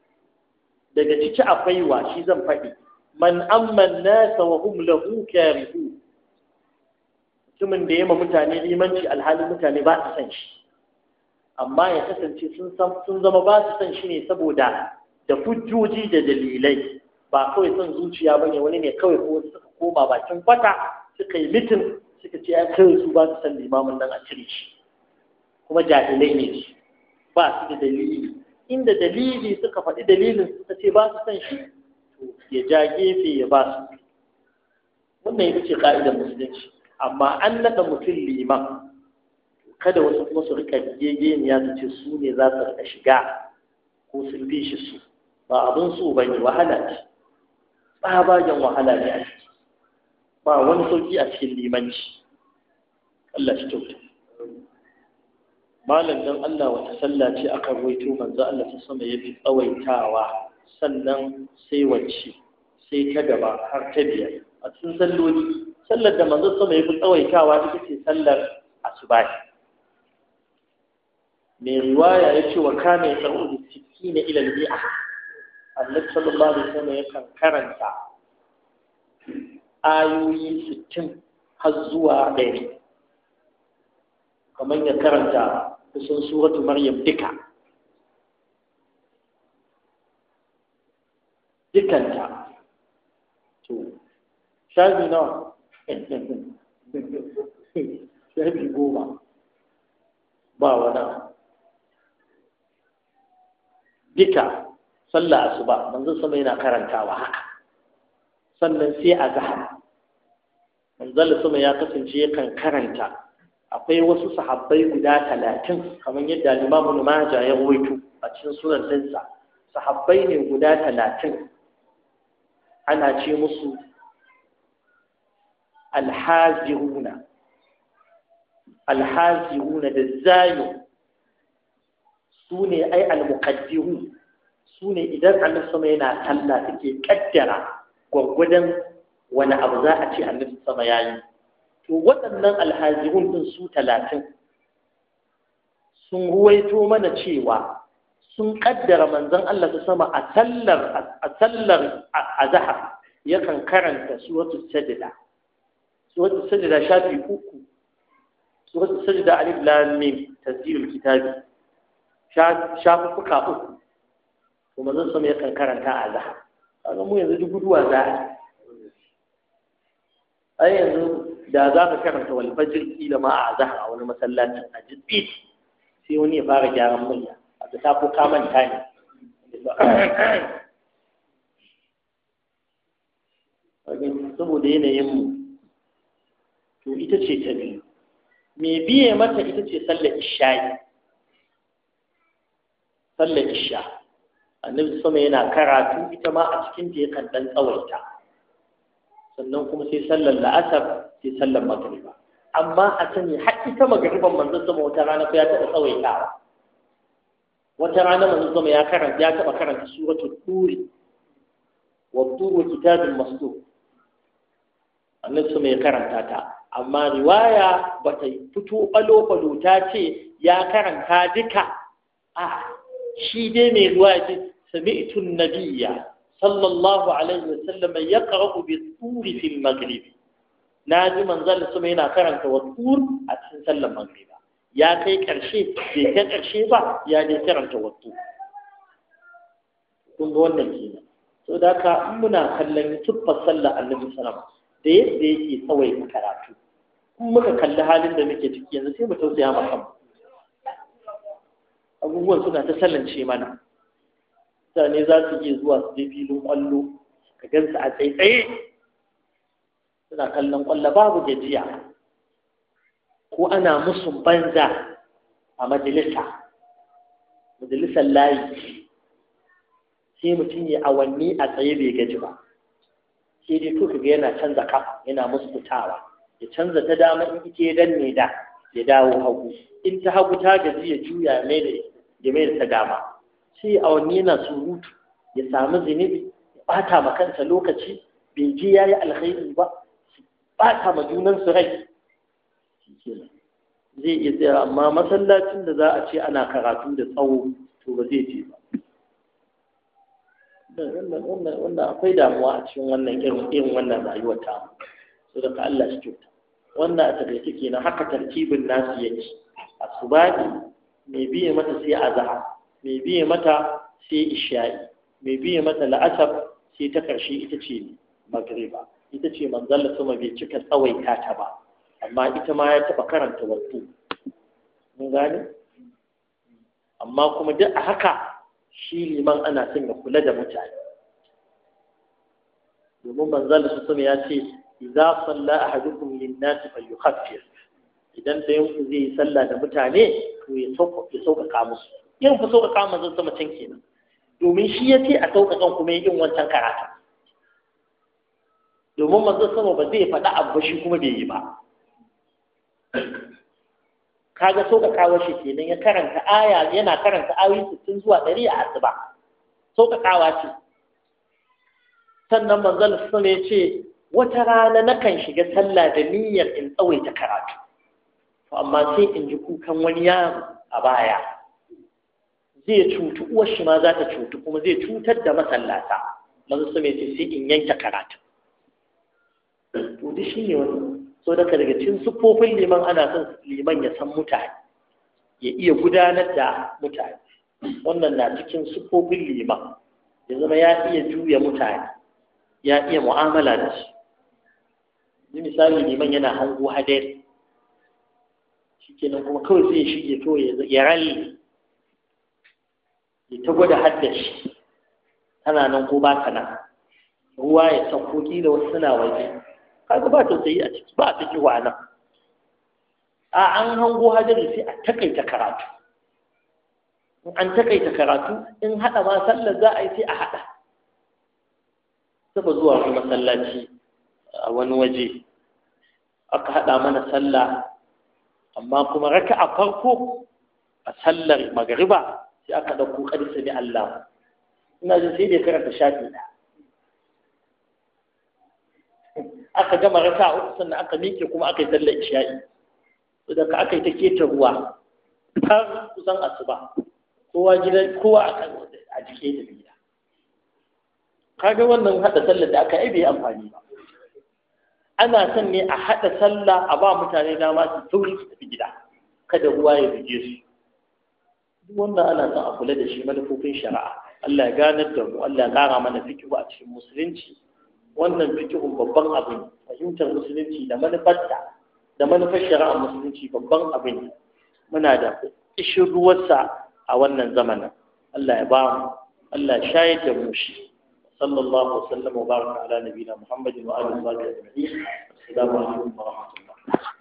daga ciki akwai wa shi zan faɗi man amman nasa wa hum lahu karihu mutumin da yema mutane limanci alhalin mutane ba su san shi amma ya kasance sun zama ba su san shi ne saboda da fujjoji da dalilai ba kawai son zuciya bane wani ne kawai ko suka koma bakin kwata suka yi mitin suka ce ya kan su ba su san limamin nan a cire shi kuma jahilai ne shi ba su da dalili inda dalili suka faɗi dalilin suka ce ba su san shi to ya ja gefe ya ba su wannan ya ce ka'idar musulunci amma an naɗa mutum liman kada wasu kuma su rika gegeniya ya ce su ne za su rika shiga ko sun fi shi su ba abin su ba ne wahala ce tsabagen wahala ne a ciki ba wani sauki a cikin limanci Allah shi kyauta malam dan Allah wata sallaci ce aka ruwaito manzo Allah ta sama ya fi tsawaitawa sannan sai wacce sai ta gaba har ta biyar a cikin salloli sallar da manzo sama ya fi tsawaitawa ita ce sallar asubahi mai riwaya ya ce wa kame tsawo da ciki na ilal a Allah sallallahu alaihi wasallam ya kan karanta ayoyi sittin har zuwa ɗari kamar ya karanta kusan suratu maryam duka dukanta to shafi nawa <laughs> shafi goma ba wana duka sallah asuba manzon sama yana karantawa haka sannan sai a ga manzala sama ya kasance yakan karanta akwai wasu sahabbai guda talatin kamar yadda limamu maja ya rawaito a cikin sunan sahabbai ne guda talatin ana ce musu alhaziruna alhaziruna da zayo su ne ai almuqaddiru su ne idan annabi sama yana talla take kaddara gwaggwadon wani abu za a ce annabi sama ya yi to waɗannan alhazirun ɗin su talatin sun ruwaito mana cewa sun ƙaddara manzon Allah ta sama a sallar a sallar azhar yakan karanta suratul sajda suratul sajda shafi uku suratul sajda alif lam mim tasdilul kitabi shafi fuka uku to manzon sama yakan karanta a zahar. kaga mu yanzu duk duwa za a yanzu da za ka karanta wani fajr kila ma a azhar a wani masallacin a jibbi sai wani ya fara gyaran murya a ta ta ko ka manta ne saboda yanayin mu to ita ce ta biyu me biye mata ita ce sallar isha'i sallar isha'i annabi sama yana karatu ita ma a cikin ta yakan dan tsawaita sannan kuma sai sallar la'asar sai sallar magariba. amma a sani har ita magariban manzo sama wata rana ko ya taɓa tsawaita. wata rana manzo sama ya karanta ya taɓa karanta suratul turi wa turu kitabin masu annabi sama ya karanta ta amma riwaya ba ta fito ɓalo-ɓalo ta ce ya karanta duka a shi dai mai ruwa ce سمعت النبي صلى الله عليه وسلم يقرأ بالطور في المغرب ناجي من ظل سمينا كرنت والطور أتسن سلم المغرب يا كي كرشي دي كان كرشي با يا دي كرنت والطور kun ga wannan kenan so da muna kallon tuffa sallah annabi sallama da yadda yake tsawai karatu in muka kalli halin da muke ciki yanzu sai mu tausaya ma abubuwan suna ta sallance mana mutane za su iya zuwa su je filin kwallo ka gansu a tsaitsaye suna kallon kwallo babu gajiya ko ana musu banza a majalisa majalisar layi sai mutum ya awanni a tsaye bai gaji ba sai dai to kaga yana canza kafa yana musu fitawa ya canza ta dama in ita ya danne da ya dawo hagu in ta hagu ta gaji ya juya mai da mai da ta dama sai awanni yana surutu ya samu zunubi ya ɓata ma kansa lokaci bai je yi alkhairi ba su ɓata ma junansu su rai zai iya tsaya amma masallacin da za a ce ana karatu da tsawo to ba zai je ba wannan akwai damuwa a cikin wannan irin wannan rayuwar ta so da ka Allah shi kyauta wannan a takaice kenan haka tartibin nasu yake asubani mai biye mata sai a zahar. mai biye mata sai isha'i mai biye mata la'asar sai ta ƙarshe ita ce magriba ita ce manzalla sama bai cika tsawai ta ba amma ita ma ya taɓa karanta wasu mun gane amma kuma duk a haka shi liman ana son ya kula da mutane domin manzalla su sama ya ce idza salla ahadukum lin-nasi falyukhaffif idan da yanku zai yi sallah da mutane to ya sauƙaƙa musu yin ku sauƙaƙa manzon sama can kenan domin shi ya ce a sauƙaƙan kuma yin wancan karatu domin manzon sama ba zai faɗa abu shi kuma bai yi ba kaga sauƙaƙawa shi kenan ya karanta aya yana karanta ayoyi sittin zuwa ɗari a asuba sauƙaƙawa ce sannan manzon sama ya ce wata rana nakan shiga sallah da niyyar in tsawaita karatu amma sai in ji kukan wani yaro a baya zai cutu uwar shi ma za ta cutu kuma zai cutar da masallata manzo su mai sai in yanke karatu to duk shi ne wani so daga daga cikin siffofin liman ana son liman ya san mutane ya iya gudanar da mutane wannan na cikin siffofin liman ya zama ya iya juya mutane ya iya mu'amala da su yi misali liman yana hango hadari kenan kuma kawai zai shige to ya ralli Yi ta gwada haddashi tana nan ko ba ta nan ruwa ya sauko da wasu suna waje kaga ba tausayi a ciki ba a ciki nan a an hango hadari sai a takaita karatu in an takaita karatu in haɗa ma sallar za a yi sai a haɗa saba zuwa wani masallaci a wani waje aka haɗa mana sallah amma kuma raka a farko a sallar magariba sai aka ɗauko ƙarfi sami Allah ina jin sai bai karanta shafi da aka gama raka a wasu sannan aka miƙe kuma aka yi sallar isha'i daga aka yi ta keta ruwa har kusan asuba kowa gidan kowa a jike da gida kaga wannan haɗa sallar da aka yi bai amfani ba ana son ne a haɗa sallah a ba mutane dama su sauri su tafi gida kada ruwa ya buge su wannan ana son a kula da shi manufofin shari'a Allah ya ganar da mu Allah ya ƙara mana fikihu a cikin musulunci wannan fikihun babban abu ne fahimtar musulunci da manufarta da manufar shari'ar musulunci babban abu ne muna da ishin ruwarsa a wannan zamanin Allah ya ba mu Allah ya shayar da mu shi sallallahu alaihi wasallam wa baraka ala nabiyina Muhammadin wa alihi wa sahbihi assalamu alaikum wa rahmatullahi